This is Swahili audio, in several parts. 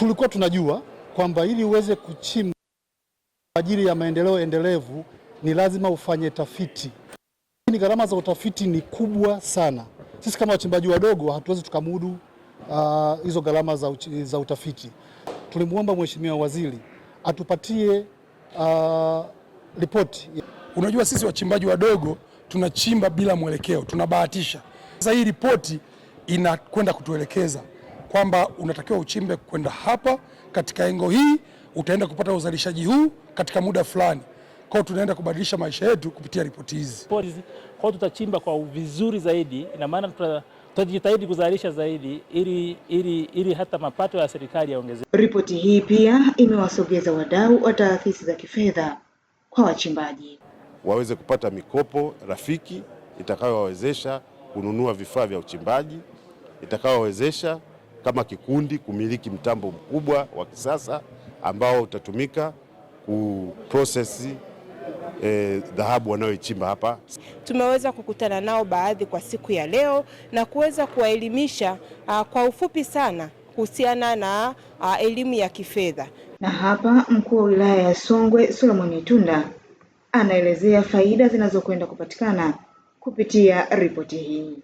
Tulikuwa tunajua kwamba ili uweze kuchimba kwa ajili ya maendeleo endelevu ni lazima ufanye tafiti, lakini gharama za utafiti ni kubwa sana. Sisi kama wachimbaji wadogo hatuwezi tukamudu ah, hizo uh, gharama za, za utafiti. Tulimwomba Mheshimiwa Waziri atupatie uh, ripoti. Unajua, sisi wachimbaji wadogo tunachimba bila mwelekeo, tunabahatisha. Sasa hii ripoti inakwenda kutuelekeza kwamba unatakiwa uchimbe kwenda hapa katika engo hii, utaenda kupata uzalishaji huu katika muda fulani. Kwa hiyo tunaenda kubadilisha maisha yetu kupitia ripoti hizi. Kwa hiyo tutachimba kwa vizuri zaidi, ina maana tutajitahidi kuzalisha zaidi ili, ili, ili hata mapato ya serikali yaongezeke. Ripoti hii pia imewasogeza wadau wa taasisi za kifedha kwa wachimbaji waweze kupata mikopo rafiki itakayowawezesha kununua vifaa vya uchimbaji itakayowawezesha kama kikundi kumiliki mtambo mkubwa wa kisasa ambao utatumika kuprosesi E, eh, dhahabu wanayoichimba hapa. Tumeweza kukutana nao baadhi kwa siku ya leo na kuweza kuwaelimisha ah, kwa ufupi sana kuhusiana na ah, elimu ya kifedha. Na hapa mkuu wa wilaya ya Songwe Solomon Itunda anaelezea faida zinazokwenda kupatikana kupitia ripoti hii.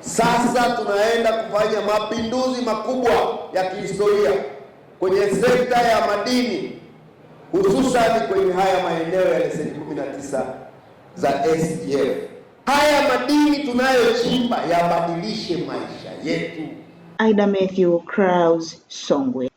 Sasa tunaenda kufanya mapinduzi makubwa ya kihistoria kwenye sekta ya madini, hususani kwenye haya maeneo ya leseni 19 za SGF. Haya madini tunayochimba yabadilishe maisha yetu. Aida Matthew, Krause, Songwe.